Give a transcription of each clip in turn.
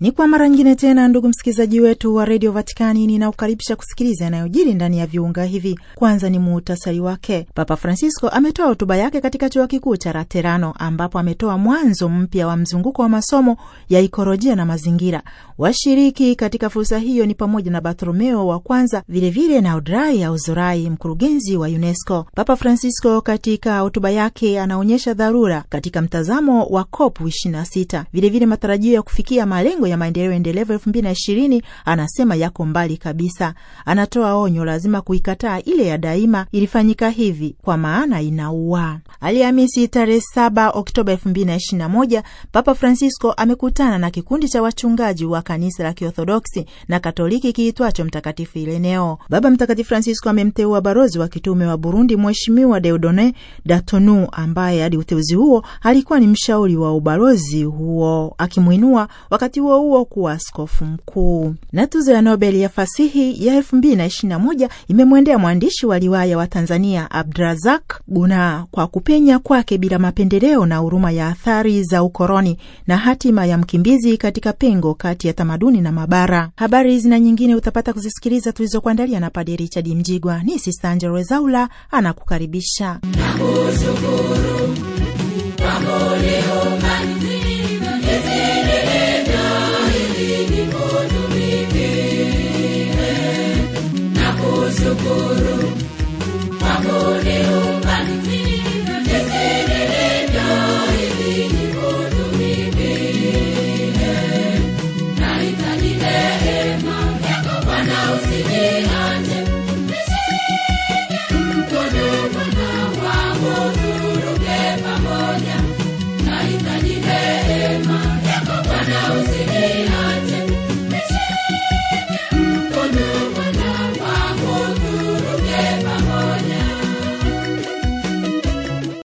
Ni kwa mara nyingine tena, ndugu msikilizaji wetu wa redio Vatikani, ninaukaribisha kusikiliza yanayojiri ndani ya viunga hivi. Kwanza ni muhutasari wake. Papa Francisco ametoa hotuba yake katika chuo kikuu cha Laterano, ambapo ametoa mwanzo mpya wa mzunguko wa masomo ya ikolojia na mazingira. Washiriki katika fursa hiyo ni pamoja na Bartolomeo wa kwanza, vilevile na ya Uzurai, mkurugenzi wa UNESCO. Papa Francisco katika hotuba yake anaonyesha dharura katika mtazamo wa COP 26, vilevile matarajio ya kufikia malengo ya maendeleo endelevu elfu mbili na ishirini anasema yako mbali kabisa. Anatoa onyo, lazima kuikataa ile ya daima ilifanyika hivi, kwa maana inaua. Alhamisi tarehe 7 Oktoba moja Papa Francisco amekutana na kikundi cha wachungaji wa kanisa la Kiorthodoksi na Katoliki kiitwacho Mtakatifu Ireneo. Baba Mtakatifu Francisco amemteua barozi wa kitume wa Burundi Mheshimiwa Deodone Datonu, ambaye hadi uteuzi huo alikuwa ni mshauri wa ubalozi huo, akimwinua wakati huo huo kuwa askofu mkuu. Na tuzo ya Nobel ya fasihi ya 2021 imemwendea mwandishi wa riwaya wa Tanzania Abdrazak Guna kwa kupenya kwake bila mapendeleo na huruma ya athari za ukoloni na hatima ya mkimbizi katika pengo kati ya tamaduni na mabara. Habari hizi na nyingine utapata kuzisikiliza tulizokuandalia na Padre Richard Mjigwa. Ni Sista Angela Rwezaula anakukaribisha. Nakushukuru,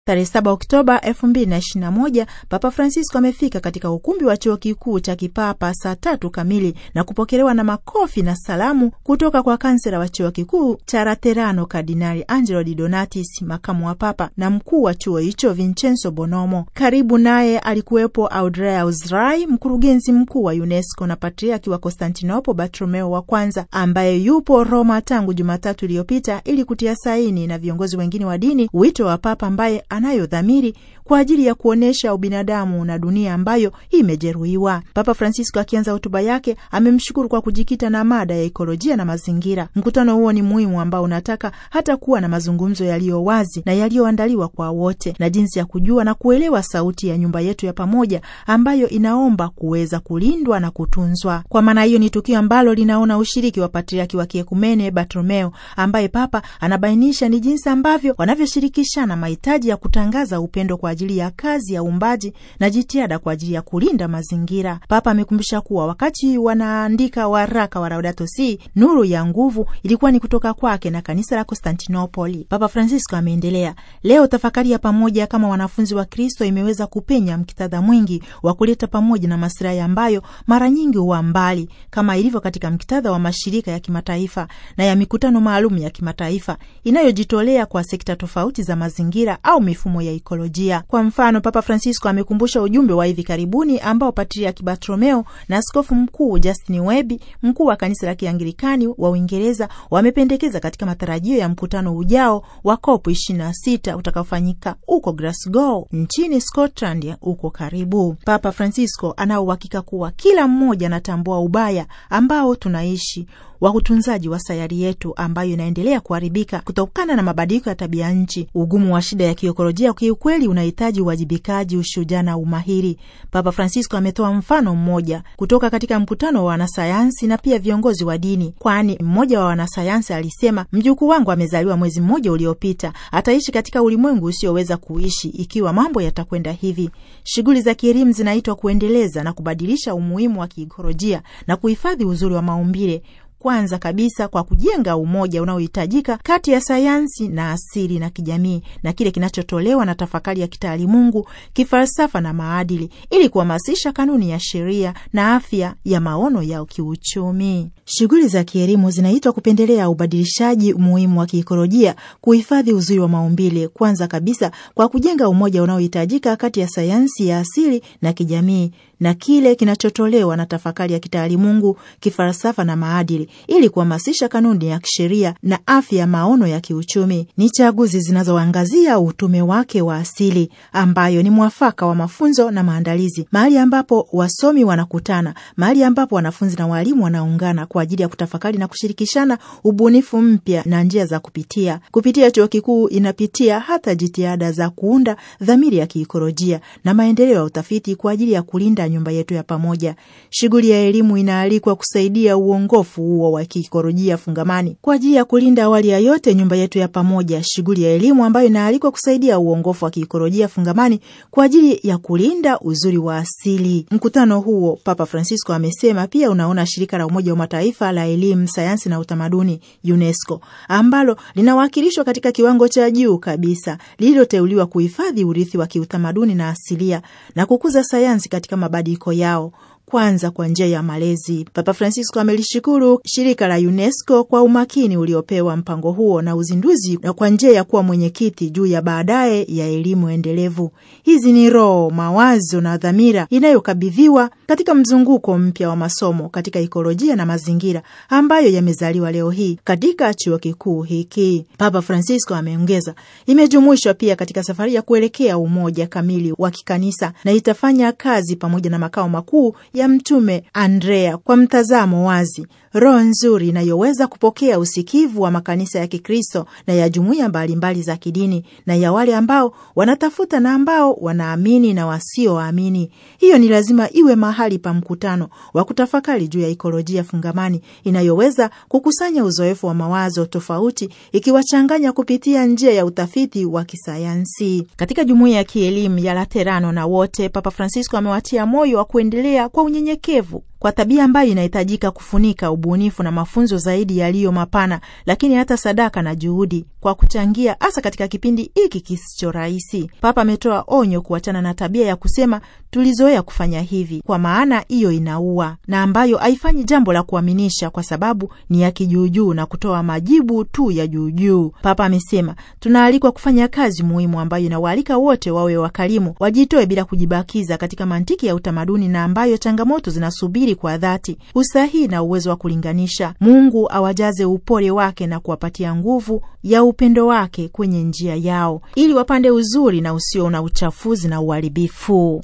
Tarehe 7 Oktoba 2021 Papa Francisco amefika katika ukumbi wa chuo kikuu cha kipapa saa tatu kamili na kupokelewa na makofi na salamu kutoka kwa kansela wa chuo kikuu cha Laterano Kardinali Angelo Di Donatis, makamu wa papa na mkuu wa chuo hicho Vincenzo Bonomo. Karibu naye alikuwepo Audrea uzrai mkurugenzi mkuu wa UNESCO na patriaki wa Konstantinopo Bartromeo wa kwanza ambaye yupo Roma tangu Jumatatu iliyopita ili kutia saini na viongozi wengine wa dini wito wa papa ambaye anayo dhamiri kwa ajili ya kuonyesha ubinadamu na dunia ambayo imejeruhiwa. Papa Francisco akianza hotuba yake amemshukuru kwa kujikita na mada ya ekolojia na mazingira. Mkutano huo ni muhimu ambao unataka hata kuwa na mazungumzo yaliyo wazi na yaliyoandaliwa kwa wote, na jinsi ya kujua na kuelewa sauti ya nyumba yetu ya pamoja ambayo inaomba kuweza kulindwa na kutunzwa. Kwa maana hiyo, ni tukio ambalo linaona ushiriki wa patriaki wa kiekumene Bartolomeo, ambaye papa anabainisha ni jinsi ambavyo wanavyoshirikishana mahitaji ya kutangaza upendo kwa ajili ya kazi ya uumbaji na jitihada kwa ajili ya kulinda mazingira. Papa amekumbusha kuwa wakati wanaandika waraka wa Laudato Si, nuru ya nguvu ilikuwa ni kutoka kwake na kanisa la Konstantinopoli. Papa Francisco ameendelea, leo tafakari ya pamoja kama wanafunzi wa Kristo imeweza kupenya mkitadha mwingi wa kuleta pamoja na masilahi ambayo mara nyingi huwa mbali, kama ilivyo katika mkitadha wa mashirika ya kimataifa na ya mikutano maalum ya kimataifa inayojitolea kwa sekta tofauti za mazingira au mifumo ya ikolojia. Kwa mfano, Papa Francisco amekumbusha ujumbe wa hivi karibuni ambao Patriaki Bartromeo na askofu mkuu Justin Welby, mkuu wa kanisa la Kianglikani wa Uingereza, wamependekeza katika matarajio ya mkutano ujao wa COP 26 utakaofanyika huko Glasgow nchini Scotland huko karibu. Papa Francisco anaouhakika kuwa kila mmoja anatambua ubaya ambao tunaishi wa utunzaji wa sayari yetu ambayo inaendelea kuharibika kutokana na mabadiliko ya tabia nchi. Ugumu wa shida ya kiekolojia kiukweli unahitaji uwajibikaji, ushujaa na umahiri. Papa Francisco ametoa mfano mmoja kutoka katika mkutano wa wanasayansi na pia viongozi wa dini, kwani mmoja wa wanasayansi alisema, mjukuu wangu amezaliwa mwezi mmoja uliopita, ataishi katika ulimwengu usioweza kuishi ikiwa mambo yatakwenda hivi. Shughuli za kielimu zinaitwa kuendeleza na kubadilisha umuhimu wa kiekolojia na kuhifadhi uzuri wa maumbile kwanza kabisa kwa kujenga umoja unaohitajika kati ya sayansi na asili na kijamii na kile kinachotolewa na tafakari ya kitaalimungu kifalsafa na maadili ili kuhamasisha kanuni ya sheria na afya ya maono ya kiuchumi. Shughuli za kielimu zinaitwa kupendelea ubadilishaji muhimu wa kiikolojia, kuhifadhi uzuri wa maumbile, kwanza kabisa kwa kujenga umoja unaohitajika kati ya sayansi ya asili na kijamii na kile kinachotolewa na tafakari ya kitaalimungu kifalsafa na maadili ili kuhamasisha kanuni ya kisheria na afya ya maono ya kiuchumi. Ni chaguzi zinazoangazia utume wake wa asili ambayo ni mwafaka wa mafunzo na maandalizi, mahali ambapo wasomi wanakutana, mahali ambapo wanafunzi na walimu wanaungana kwa ajili ya kutafakari na kushirikishana ubunifu mpya na njia za kupitia. Kupitia chuo kikuu inapitia hata jitihada za kuunda dhamiri ya kiikolojia na maendeleo ya utafiti kwa ajili ya kulinda nyumba yetu ya pamoja. Shughuli ya elimu inaalikwa kusaidia uongofu huu waliokuwa wakikorojia fungamani kwa ajili ya kulinda awali ya yote nyumba yetu ya pamoja, shughuli ya elimu ambayo inaalikwa kusaidia uongofu wa kiikolojia fungamani kwa ajili ya kulinda uzuri wa asili. Mkutano huo, Papa Francisco amesema, pia unaona shirika la Umoja wa Mataifa la elimu, sayansi na utamaduni UNESCO ambalo linawakilishwa katika kiwango cha juu kabisa lililoteuliwa kuhifadhi urithi wa kiutamaduni na asilia na kukuza sayansi katika mabadiliko yao kwanza kwa njia ya malezi. Papa Francisco amelishukuru shirika la UNESCO kwa umakini uliopewa mpango huo na uzinduzi na kwa njia ya kuwa mwenyekiti juu ya baadaye ya elimu endelevu. Hizi ni roho, mawazo na dhamira inayokabidhiwa katika mzunguko mpya wa masomo katika ikolojia na mazingira ambayo yamezaliwa leo hii katika chuo kikuu hiki. Papa Francisco ameongeza, imejumuishwa pia katika safari ya kuelekea umoja kamili wa kikanisa na itafanya kazi pamoja na makao makuu ya Mtume Andrea kwa mtazamo wazi, roho nzuri inayoweza kupokea usikivu wa makanisa ya Kikristo na ya jumuiya mbalimbali za kidini na ya wale ambao wanatafuta na ambao wanaamini na wasioamini. Hiyo ni lazima iwe mahali pa mkutano wa kutafakari juu ya ikolojia fungamani inayoweza kukusanya uzoefu wa mawazo tofauti, ikiwachanganya kupitia njia ya utafiti wa kisayansi. Katika jumuiya ya kielimu ya Laterano na wote, Papa Francisco amewatia moyo wa kuendelea kwa unyenyekevu kwa tabia ambayo inahitajika kufunika ubunifu na mafunzo zaidi yaliyo mapana, lakini hata sadaka na juhudi kwa kuchangia, hasa katika kipindi hiki kisicho rahisi. Papa ametoa onyo kuachana na tabia ya kusema tulizoea kufanya hivi, kwa maana hiyo inaua na ambayo haifanyi jambo la kuaminisha, kwa sababu ni ya kijuujuu na kutoa majibu tu ya juujuu. Papa amesema tunaalikwa kufanya kazi muhimu ambayo inawaalika wote wawe wakarimu, wajitoe bila kujibakiza katika mantiki ya utamaduni na ambayo changamoto zinasubiri kufikiri kwa dhati, usahihi na uwezo wa kulinganisha. Mungu awajaze upole wake na kuwapatia nguvu ya upendo wake kwenye njia yao, ili wapande uzuri na usio na uchafuzi na uharibifu.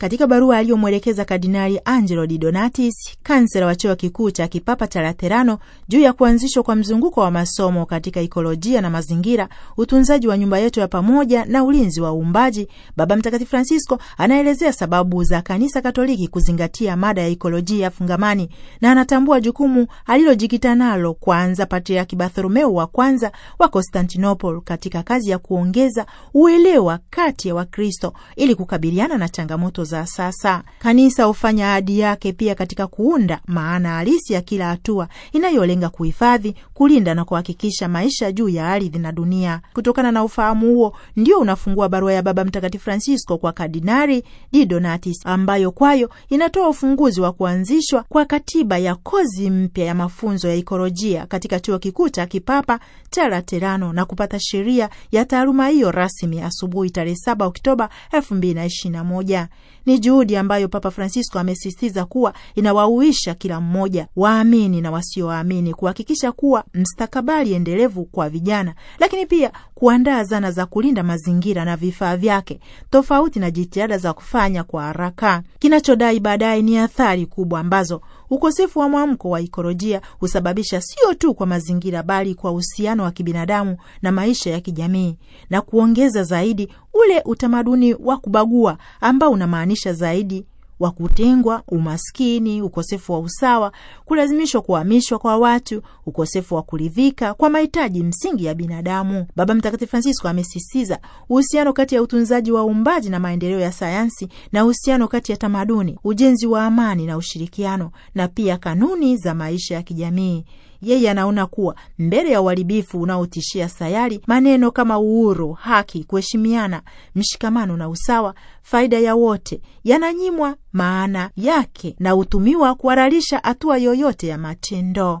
katika barua aliyomwelekeza Kardinali Angelo Di Donatis, kansela wa chuo kikuu cha kipapa cha Laterano, juu ya kuanzishwa kwa mzunguko wa masomo katika ikolojia na mazingira, utunzaji wa nyumba yetu ya pamoja na ulinzi wa uumbaji, Baba Mtakatifu Francisco anaelezea sababu za Kanisa Katoliki kuzingatia mada ya ikolojia fungamani na anatambua jukumu alilojikita nalo kwanza Patriaki Bartholomeo wa kwanza wa Konstantinopol katika kazi ya kuongeza uelewa kati ya Wakristo ili kukabiliana na changamoto za sasa. Kanisa hufanya ahadi yake pia katika kuunda maana halisi ya kila hatua inayolenga kuhifadhi, kulinda na kuhakikisha maisha juu ya ardhi na dunia. Kutokana na ufahamu huo, ndio unafungua barua ya Baba Mtakatifu Francisco kwa kardinari Di Donatis, ambayo kwayo inatoa ufunguzi wa kuanzishwa kwa katiba ya kozi mpya ya mafunzo ya ikolojia katika chuo kikuu cha kipapa cha Laterano na kupata sheria ya taaluma hiyo rasmi asubuhi tarehe 7 Oktoba 2021. Ni juhudi ambayo Papa Francisco amesisitiza kuwa inawauisha kila mmoja, waamini na wasioamini, kuhakikisha kuwa mstakabali endelevu kwa vijana, lakini pia kuandaa zana za kulinda mazingira na vifaa vyake, tofauti na jitihada za kufanya kwa haraka. Kinachodai baadaye ni athari kubwa ambazo Ukosefu wa mwamko wa ikolojia husababisha sio tu kwa mazingira, bali kwa uhusiano wa kibinadamu na maisha ya kijamii, na kuongeza zaidi ule utamaduni wa kubagua ambao unamaanisha zaidi wa kutengwa, umaskini, ukosefu wa usawa, kulazimishwa kuhamishwa kwa watu, ukosefu wa kuridhika kwa mahitaji msingi ya binadamu. Baba Mtakatifu Francisco amesisitiza uhusiano kati ya utunzaji wa uumbaji na maendeleo ya sayansi na uhusiano kati ya tamaduni, ujenzi wa amani na ushirikiano, na pia kanuni za maisha ya kijamii. Yeye anaona kuwa mbele ya uharibifu unaotishia sayari, maneno kama uhuru, haki, kuheshimiana, mshikamano na usawa, faida ya wote, yananyimwa maana yake na hutumiwa kuhalalisha hatua yoyote ya matendo.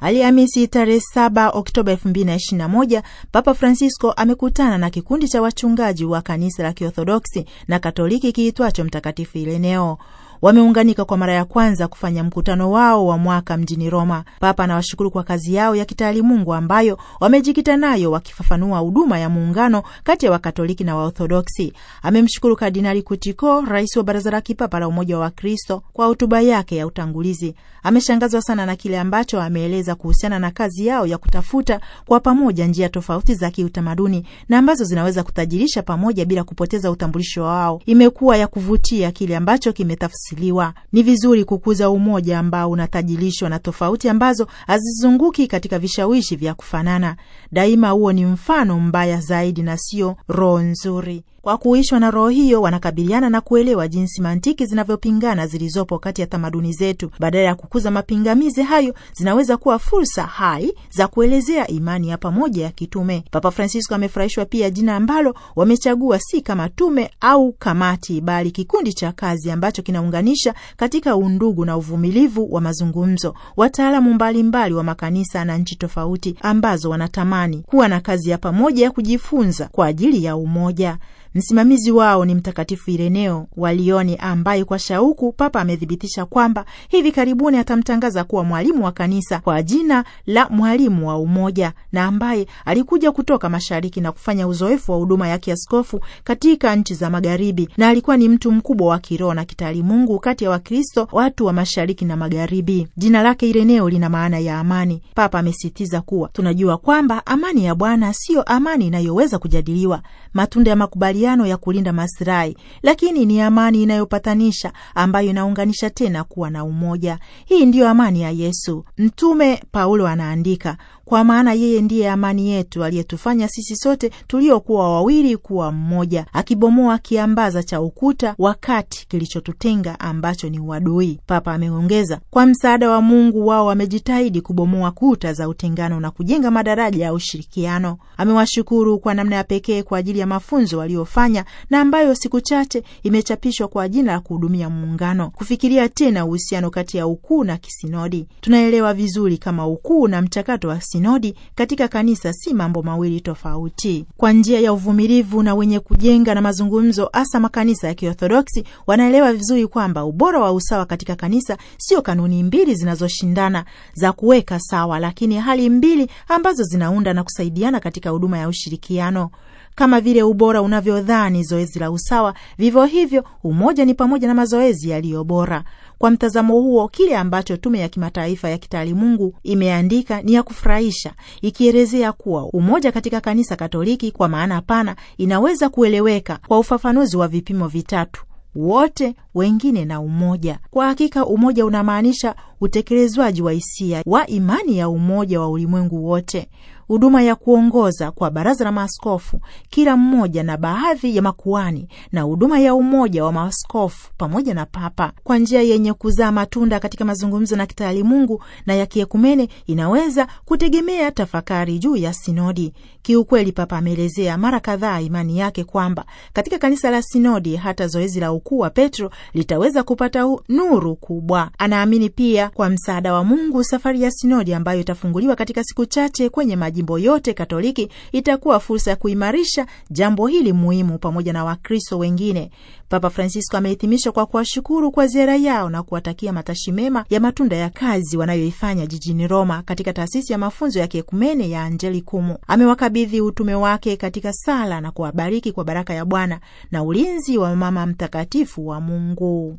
Alhamisi tarehe 7 Oktoba 2021 Papa Francisco amekutana na kikundi cha wachungaji wa kanisa la Kiorthodoksi na Katoliki kiitwacho Mtakatifu Ireneo wameunganika kwa mara ya kwanza kufanya mkutano wao wa mwaka mjini Roma. Papa anawashukuru kwa kazi yao ya kitaalimungu ambayo wamejikita nayo wakifafanua huduma ya muungano kati ya Wakatoliki na Waorthodoksi. Amemshukuru Kardinali Kutiko, rais wa Baraza la Kipapa la Umoja wa Wakristo, kwa hotuba yake ya utangulizi. Ameshangazwa sana na kile ambacho ameeleza kuhusiana na kazi yao ya kutafuta kwa pamoja njia tofauti za kiutamaduni na ambazo zinaweza kutajirisha pamoja bila kupoteza utambulisho wao. Imekuwa ya kuvutia kile ambacho kimetafsiri asiliwa. Ni vizuri kukuza umoja ambao unatajilishwa na tofauti ambazo hazizunguki katika vishawishi vya kufanana. Daima huo ni mfano mbaya zaidi na sio roho nzuri. Kwa kuishwa na roho hiyo, wanakabiliana na kuelewa jinsi mantiki zinavyopingana zilizopo kati ya tamaduni zetu. Badala ya kukuza mapingamizi hayo, zinaweza kuwa fursa hai za kuelezea imani ya pamoja ya kitume. Papa Francisco amefurahishwa pia jina ambalo wamechagua si kama tume au kamati, bali kikundi cha kazi ambacho kinaunganisha katika undugu na uvumilivu wa mazungumzo wataalamu mbalimbali wa makanisa na nchi tofauti ambazo wanatamani kuwa na kazi ya pamoja ya kujifunza kwa ajili ya umoja. Msimamizi wao ni Mtakatifu Ireneo wa Lioni, ambaye kwa shauku Papa amethibitisha kwamba hivi karibuni atamtangaza kuwa mwalimu wa kanisa kwa jina la mwalimu wa umoja, na ambaye alikuja kutoka mashariki na kufanya uzoefu wa huduma ya kiaskofu katika nchi za magharibi, na alikuwa ni mtu mkubwa wa kiroho na kitaalimungu kati ya Wakristo watu wa mashariki na magharibi. Jina lake Ireneo lina maana ya amani. Papa amesisitiza kuwa tunajua kwamba amani ya Bwana siyo amani inayoweza kujadiliwa, matunda ya makubaliano makubaliano ya kulinda masilahi, lakini ni amani inayopatanisha ambayo inaunganisha tena kuwa na umoja. Hii ndiyo amani ya Yesu. Mtume Paulo anaandika, kwa maana yeye ndiye amani yetu, aliyetufanya sisi sote tuliokuwa wawili kuwa mmoja, akibomoa kiambaza cha ukuta wakati kilichotutenga ambacho ni uadui. Papa ameongeza, kwa msaada wa Mungu wao wamejitahidi kubomoa kuta za utengano na kujenga madaraja ya ushirikiano. Amewashukuru kwa namna ya pekee kwa ajili ya mafunzo waliofanya na ambayo siku chache imechapishwa kwa jina la kuhudumia muungano, kufikiria tena uhusiano kati ya ukuu na kisinodi. Tunaelewa vizuri kama ukuu na mchakato wa sinodi katika kanisa si mambo mawili tofauti. Kwa njia ya uvumilivu na wenye kujenga na mazungumzo, hasa makanisa ya Kiorthodoksi wanaelewa vizuri kwamba ubora wa usawa katika kanisa sio kanuni mbili zinazoshindana za kuweka sawa, lakini hali mbili ambazo zinaunda na kusaidiana katika huduma ya ushirikiano. Kama vile ubora unavyodhani zoezi la usawa, vivyo hivyo umoja ni pamoja na mazoezi yaliyo bora. Kwa mtazamo huo, kile ambacho Tume ya Kimataifa ya Kitaalimungu imeandika ni ya kufurahisha, ikielezea kuwa umoja katika Kanisa Katoliki kwa maana pana inaweza kueleweka kwa ufafanuzi wa vipimo vitatu: wote, wengine na umoja. Kwa hakika umoja unamaanisha utekelezwaji wa hisia wa imani ya umoja wa ulimwengu wote huduma ya kuongoza kwa baraza la maaskofu kila mmoja na baadhi ya makuani na huduma ya umoja wa maaskofu pamoja na Papa kwa njia yenye kuzaa matunda katika mazungumzo na kitaalimungu na ya kiekumene inaweza kutegemea tafakari juu ya sinodi. Kiukweli, Papa ameelezea mara kadhaa imani yake kwamba katika kanisa la sinodi hata zoezi la ukuu wa Petro litaweza kupata nuru kubwa. Anaamini pia kwa msaada wa Mungu safari ya sinodi ambayo itafunguliwa katika siku chache kwenye majimbo yote Katoliki itakuwa fursa ya kuimarisha jambo hili muhimu pamoja na Wakristo wengine. Papa Francisco amehitimisha kwa kuwashukuru kwa ziara yao na kuwatakia matashi mema ya matunda ya kazi wanayoifanya jijini Roma katika taasisi ya mafunzo ya kiekumene ya kumu Amewakabidhi utume wake katika sala na kuwabariki kwa baraka ya Bwana na ulinzi wa Mama Mtakatifu wa Mungu.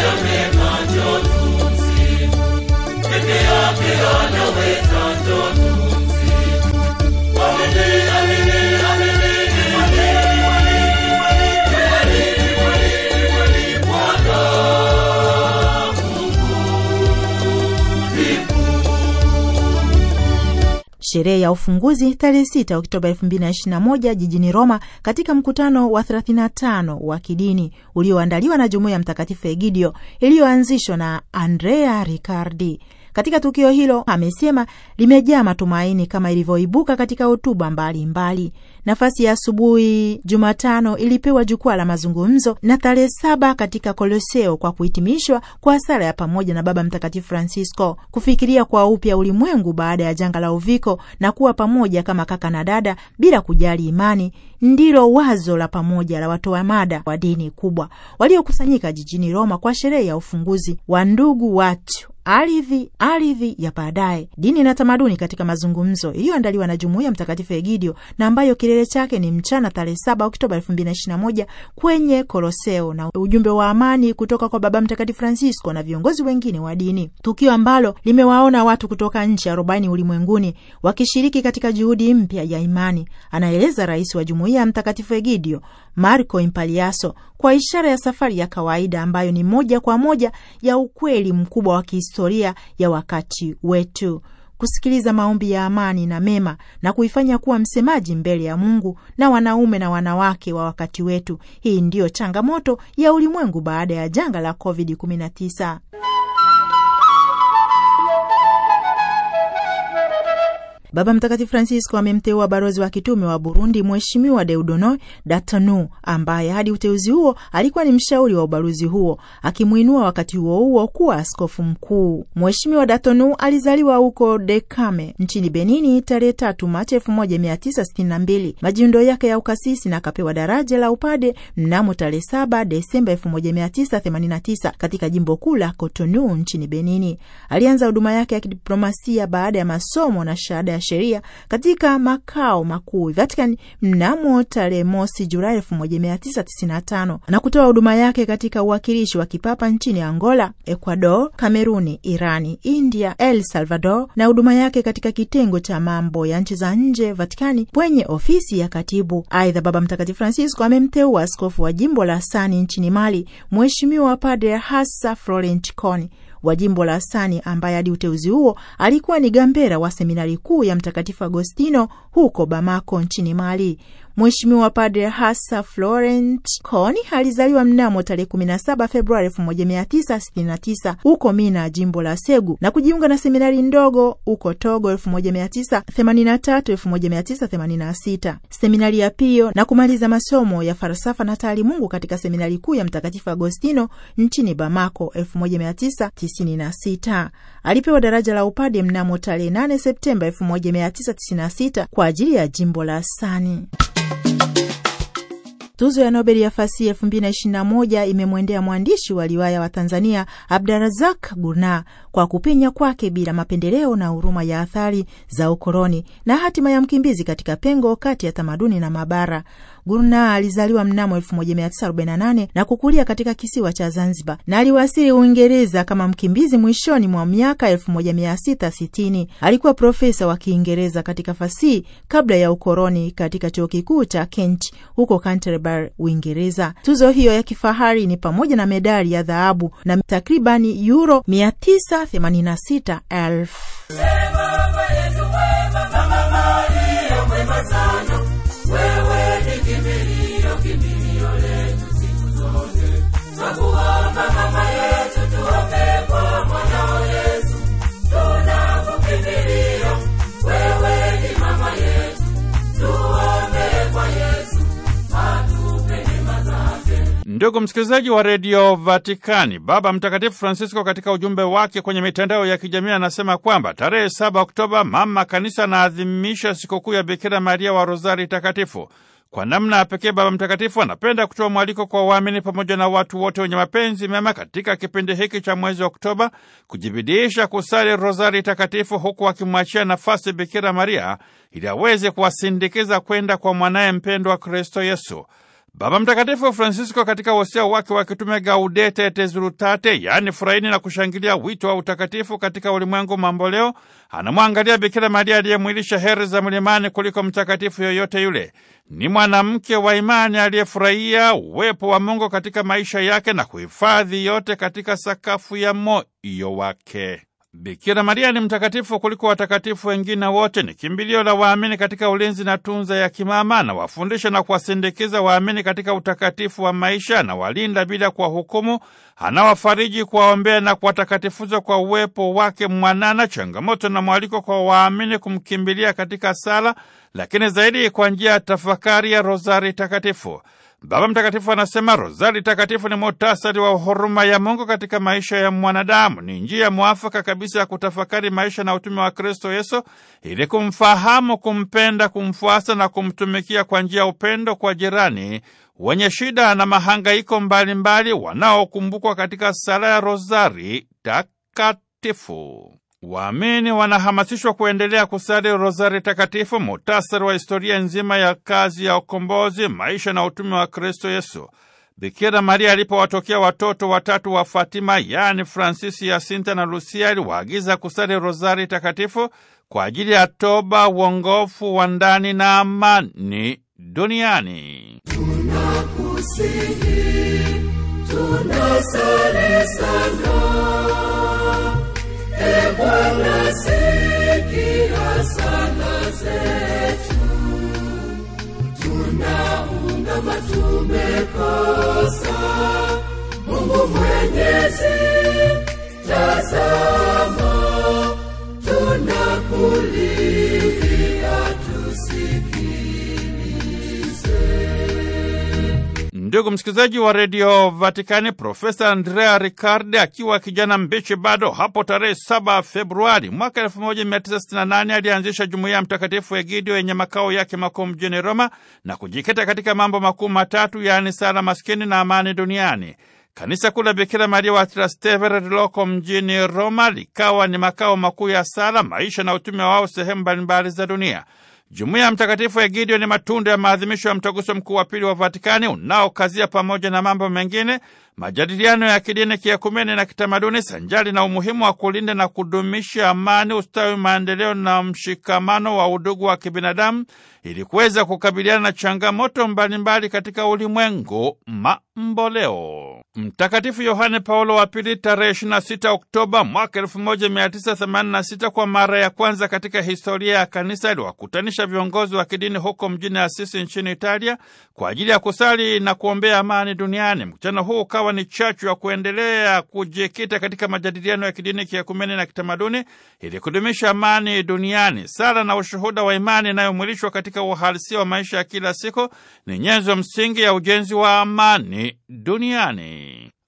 sherehe ya ufunguzi tarehe 6 Oktoba 2021 jijini Roma, katika mkutano wa 35 wa kidini ulioandaliwa na Jumuiya ya Mtakatifu Egidio iliyoanzishwa na Andrea Riccardi. Katika tukio hilo amesema limejaa matumaini kama ilivyoibuka katika hotuba mbalimbali. Nafasi ya asubuhi Jumatano ilipewa jukwaa la mazungumzo na tarehe saba katika Koloseo kwa kuhitimishwa kwa sala ya pamoja na Baba Mtakatifu Francisco, kufikiria kwa upya ulimwengu baada ya janga la uviko na kuwa pamoja kama kaka na dada bila kujali imani ndilo wazo la pamoja la watoa mada wa dini kubwa waliokusanyika jijini Roma kwa sherehe ya ufunguzi wa ndugu watu ardhi ardhi ya baadaye, dini na tamaduni katika mazungumzo iliyoandaliwa na jumuiya Mtakatifu Egidio na ambayo kilele chake ni mchana tarehe 7 Oktoba 2021 kwenye Koloseo, na ujumbe wa amani kutoka kwa Baba Mtakatifu Francisco na viongozi wengine wa dini, tukio ambalo limewaona watu kutoka nchi arobaini ulimwenguni wakishiriki katika juhudi mpya ya imani, anaeleza rais wa jumuiya Mtakatifu Egidio Marco Impaliaso kwa ishara ya safari ya kawaida ambayo ni moja kwa moja ya ukweli mkubwa wa kihistoria ya wakati wetu, kusikiliza maombi ya amani na mema na kuifanya kuwa msemaji mbele ya Mungu na wanaume na wanawake wa wakati wetu. Hii ndiyo changamoto ya ulimwengu baada ya janga la COVID-19. Baba Mtakatifu Francisco amemteua balozi wa kitume wa Burundi Mheshimiwa Deudono Datanu, ambaye hadi uteuzi huo alikuwa ni mshauri wa ubalozi huo, akimwinua wakati huo huo kuwa askofu mkuu. Mheshimiwa Datanu alizaliwa huko Dekame nchini Benini tarehe tatu Machi elfu moja mia tisa sitini na mbili. Majiundo yake ya ukasisi na akapewa daraja la upade mnamo tarehe saba Desemba elfu moja mia tisa themanini na tisa katika jimbo kuu la cotonu nchini Benini. Alianza huduma yake ya kidiplomasia baada ya masomo na shahada ya sheria katika makao makuu Vatican mnamo tarehe mosi Julai tisini na kutoa huduma yake katika uwakilishi wa kipapa nchini Angola, Ecuador, Kameruni, Irani, India, El Salvador na huduma yake katika kitengo cha mambo ya nchi za nje Vatikani kwenye ofisi ya katibu. Aidha, Baba Mtakatifu Francisco amemteua askofu wa jimbo la Sani nchini Mali, Mheshimiwa Padre Hassa Florent Cone wa jimbo la Sani, ambaye hadi uteuzi huo alikuwa ni gambera wa seminari kuu ya Mtakatifu Agostino huko Bamako nchini Mali. Mheshimiwa Padre Hasa Florent Coni alizaliwa mnamo tarehe 17 Februari 1969 huko Mina, jimbo la Segu, na kujiunga na seminari ndogo huko Togo 1983-1986, seminari ya Pio na kumaliza masomo ya falsafa na taalimungu katika seminari kuu ya Mtakatifu Agostino nchini Bamako 1996. Alipewa daraja la upade mnamo tarehe 8 Septemba 1996 kwa ajili ya jimbo la Sani. Tuzo ya Nobel ya fasihi 221 imemwendea mwandishi wa riwaya wa Tanzania Abdarazak Gurnah kwa kupenya kwake bila mapendeleo na huruma ya athari za ukoloni na hatima ya mkimbizi katika pengo kati ya tamaduni na mabara, Gurna alizaliwa mnamo 1948 na kukulia katika kisiwa cha Zanzibar na aliwasili Uingereza kama mkimbizi mwishoni mwa miaka 1660. Alikuwa profesa wa Kiingereza katika fasihi kabla ya ukoloni katika chuo kikuu cha Kent huko Canterbury, Uingereza. Tuzo hiyo ya kifahari ni pamoja na medali ya dhahabu na takribani yuro 986 elfu. Ndugu msikilizaji wa redio Vatikani, Baba Mtakatifu Francisco katika ujumbe wake kwenye mitandao ya kijamii anasema kwamba tarehe 7 Oktoba mama kanisa anaadhimisha sikukuu ya Bikira Maria wa Rozari Takatifu. Kwa namna ya pekee, Baba Mtakatifu anapenda kutoa mwaliko kwa waamini pamoja na watu wote wenye mapenzi mema katika kipindi hiki cha mwezi Oktoba kujibidiisha kusali Rozari Takatifu, huku akimwachia nafasi Bikira Maria ili aweze kuwasindikiza kwenda kwa mwanaye mpendwa Kristo Yesu. Baba Mtakatifu Francisco katika wosia wake wa kitume Gaudete et Exsultate, yaani furahini na kushangilia wito wa utakatifu katika ulimwengu mamboleo, anamwangalia Bikira Maria aliyemwilisha heri za mlimani kuliko mtakatifu yoyote yule. Ni mwanamke wa imani aliyefurahia uwepo wa Mungu katika maisha yake na kuhifadhi yote katika sakafu ya moyo wake. Bikira Maria ni mtakatifu kuliko watakatifu wengine wote, ni kimbilio la waamini katika ulinzi na tunza ya kimama, na wafundisha na kuwasindikiza waamini katika utakatifu wa maisha, na walinda bila kuwahukumu, anawafariji, kuwaombea na kuwatakatifuza kwa uwepo wake mwanana, changamoto na mwaliko kwa waamini kumkimbilia katika sala, lakini zaidi kwa njia ya tafakari ya rozari takatifu. Baba Mtakatifu anasema rozari takatifu ni muhtasari wa huruma ya Mungu katika maisha ya mwanadamu. Ni njia mwafaka kabisa ya kutafakari maisha na utume wa Kristo Yesu ili kumfahamu, kumpenda, kumfuasa na kumtumikia kwa njia ya upendo kwa jirani wenye shida na mahangaiko mbalimbali wanaokumbukwa katika sala ya rozari takatifu. Waamini wanahamasishwa kuendelea kusali rozari takatifu, muhtasari wa historia nzima ya kazi ya ukombozi, maisha na utume wa Kristo Yesu. Bikira Maria alipowatokea watoto watatu wa Fatima, yaani Fransisi, Yasinta na Lusia, aliwaagiza kusali rozari takatifu kwa ajili ya toba, uongofu wa ndani na amani duniani. Tunakusihi, tunasali sana e bwana zetu tunaungama tumekosa mungu mwenyezi tazama tunakulia Ndugu msikilizaji wa redio Vatikani, Profesa Andrea Riccardi akiwa kijana mbichi bado hapo, tarehe 7 Februari mwaka 1968 alianzisha jumuiya ya Mtakatifu Egidio yenye makao yake makuu mjini Roma na kujikita katika mambo makuu matatu, yaani sala, maskini na amani duniani. Kanisa kuu la Bikira Maria wa Trastevere liloko mjini Roma likawa ni makao makuu ya sala, maisha na utume wao sehemu mbalimbali za dunia. Jumuiya ya Mtakatifu ya Egidio ni matunda ya maadhimisho ya mtaguso mkuu wa pili wa Vatikani unaokazia pamoja na mambo mengine majadiliano ya kidini, kiekumene na kitamaduni, sanjali na umuhimu wa kulinda na kudumisha amani, ustawi, maendeleo na mshikamano wa udugu wa kibinadamu ili kuweza kukabiliana na changamoto mbalimbali mbali katika ulimwengu mamboleo. Mtakatifu Yohane Paulo wa Pili tarehe 26 Oktoba mwaka 1986 kwa mara ya kwanza katika historia ya kanisa aliwakutanisha viongozi wa kidini huko mjini Asisi nchini Italia kwa ajili ya kusali na kuombea amani duniani. Mkutano huu ukawa ni chachu ya kuendelea kujikita katika majadiliano ya kidini, kiekumene na kitamaduni ili kudumisha amani duniani. Sala na ushuhuda wa imani inayomwilishwa katika uhalisia wa maisha ya kila siku ni nyenzo msingi ya ujenzi wa amani duniani.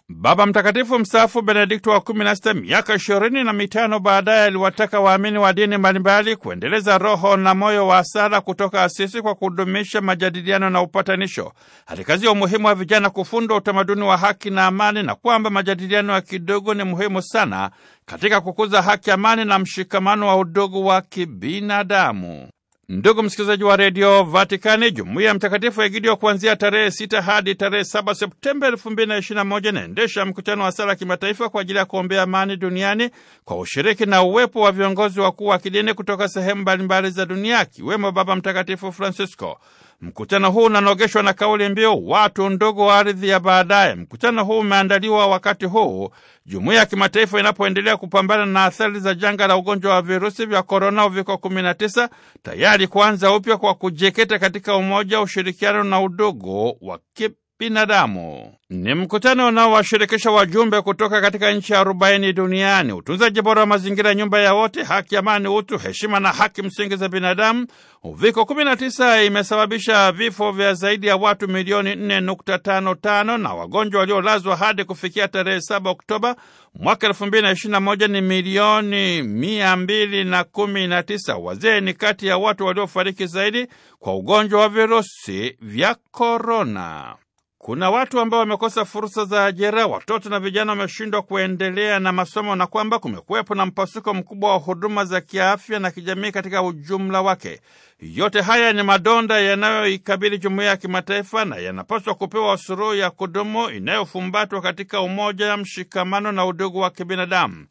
Baba Mtakatifu mstaafu Benedikto wa kumi na sita miaka ishirini na mitano baadaye aliwataka waamini wa dini mbalimbali kuendeleza roho na moyo wa sala kutoka Asisi kwa kudumisha majadiliano na upatanisho. Alikazia umuhimu wa vijana kufundwa utamaduni wa haki na amani, na kwamba majadiliano ya kidogo ni muhimu sana katika kukuza haki, amani na mshikamano wa udugu wa kibinadamu. Ndugu msikilizaji wa redio Vatikani, jumuiya ya Mtakatifu Egidio kuanzia tarehe sita hadi tarehe saba Septemba elfu mbili na na moja inaendesha mkutano wa sala kimataifa kwa ajili ya kuombea amani duniani kwa ushiriki na uwepo wa viongozi wakuu wa kidini kutoka sehemu mbalimbali za dunia akiwemo Baba Mtakatifu Francisco. Mkutano huu unanogeshwa na kauli mbiu watu ndogo wa ardhi ya baadaye. Mkutano huu umeandaliwa wakati huu jumuiya ya kimataifa inapoendelea kupambana na athari za janga la ugonjwa wa virusi vya korona uviko 19, tayari kuanza upya kwa kujikita katika umoja, ushirikiano na udugu wa binadamu. Ni mkutano unaowashirikisha wajumbe kutoka katika nchi arobaini duniani. Utunzaji bora wa mazingira, nyumba ya wote, haki, amani, utu, heshima na haki msingi za binadamu, uviko 19 imesababisha vifo vya zaidi ya watu milioni 4.55 na wagonjwa waliolazwa hadi kufikia tarehe 7 Oktoba mwaka 2021 ni milioni 219. Wazee ni kati ya watu waliofariki zaidi kwa ugonjwa wa virusi vya korona. Kuna watu ambao wamekosa fursa za ajira, watoto na vijana wameshindwa kuendelea na masomo, na kwamba kumekuwepo na mpasuko mkubwa wa huduma za kiafya na kijamii katika ujumla wake. Yote haya ni madonda yanayoikabili jumuiya ya kimataifa na yanapaswa kupewa suluhu ya kudumu inayofumbatwa katika umoja, mshikamano na udugu wa kibinadamu.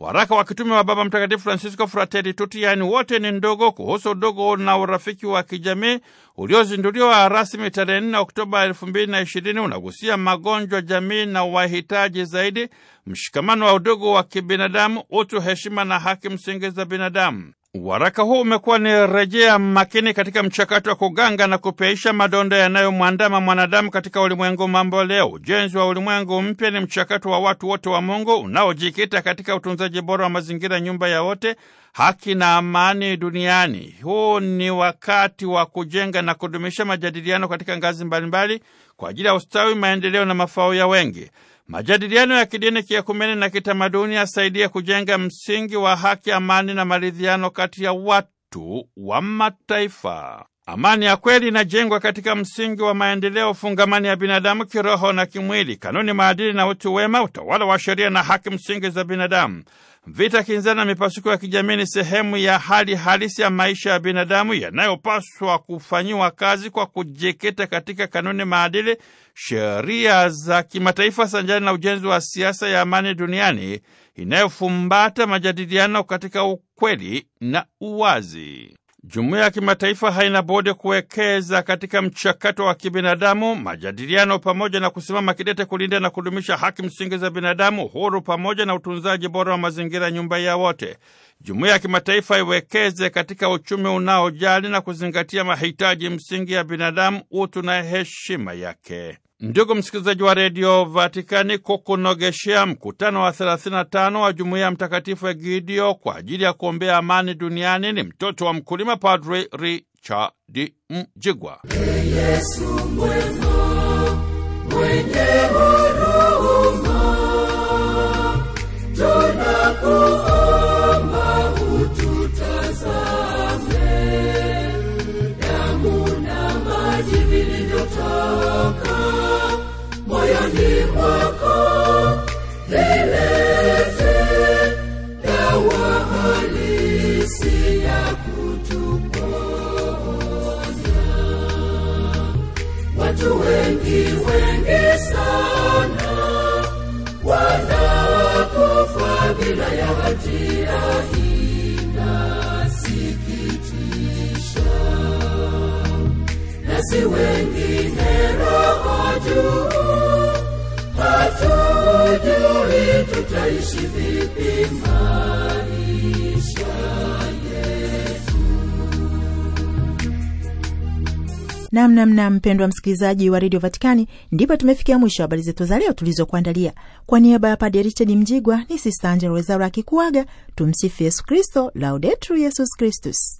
Waraka wa kitume wa Baba Mtakatifu Francisco Fratelli Tutti, yaani wote ni ndogo kuhusu udogo na urafiki wa kijamii uliozinduliwa rasmi tarehe 4 Oktoba elfu mbili na ishirini unagusia magonjwa jamii na wahitaji zaidi, mshikamano wa udogo wa kibinadamu, utu, heshima na haki msingi za binadamu. Waraka huu umekuwa ni rejea makini katika mchakato wa kuganga na kupeisha madonda yanayomwandama mwanadamu katika ulimwengu mambo leo. Ujenzi wa ulimwengu mpya ni mchakato wa watu wote wa Mungu unaojikita katika utunzaji bora wa mazingira, nyumba ya wote, haki na amani duniani. Huu ni wakati wa kujenga na kudumisha majadiliano katika ngazi mbalimbali kwa ajili ya ustawi, maendeleo na mafao ya wengi. Majadiliano ya kidini, kiekumeni na kitamaduni yasaidia kujenga msingi wa haki, amani na maridhiano kati ya watu wa mataifa. Amani ya kweli inajengwa katika msingi wa maendeleo fungamani ya binadamu kiroho na kimwili, kanuni, maadili na utu wema, utawala wa sheria na haki msingi za binadamu. Vita kinzana na mipasuko ya kijamii ni sehemu ya hali halisi ya maisha ya binadamu yanayopaswa kufanyiwa kazi kwa kujikita katika kanuni, maadili, sheria za kimataifa sanjani na ujenzi wa siasa ya amani duniani inayofumbata majadiliano katika ukweli na uwazi. Jumuiya ya kimataifa haina budi kuwekeza katika mchakato wa kibinadamu, majadiliano, pamoja na kusimama kidete kulinda na kudumisha haki msingi za binadamu, huru pamoja na utunzaji bora wa mazingira, nyumba ya wote. Jumuiya ya kimataifa iwekeze katika uchumi unaojali na kuzingatia mahitaji msingi ya binadamu, utu na heshima yake. Ndugu msikilizaji wa redio Vatikani, kukunogeshea mkutano wa 35 wa jumuiya ya Mtakatifu Egidio kwa ajili ya kuombea amani duniani ni mtoto wa mkulima, Padre Richard Mjigwa. Yesu mwema, mwenye huruma, ututazame, maji vilivyotoka watu wengi wengi sana wanaokufa ya hatia inasikitisha, nasi wengine roho juu Hatujui tutaishi vipi maisha Namnamna mpendwa msikilizaji wa redio Vatikani, ndipo tumefikia mwisho habari zetu za leo tulizokuandalia. Kwa, niaba ya Padre Richard Mjigwa ni Sista Angela Rwezaura akikuaga. Tumsifu Yesu Kristo, Laudetur Yesus Kristus.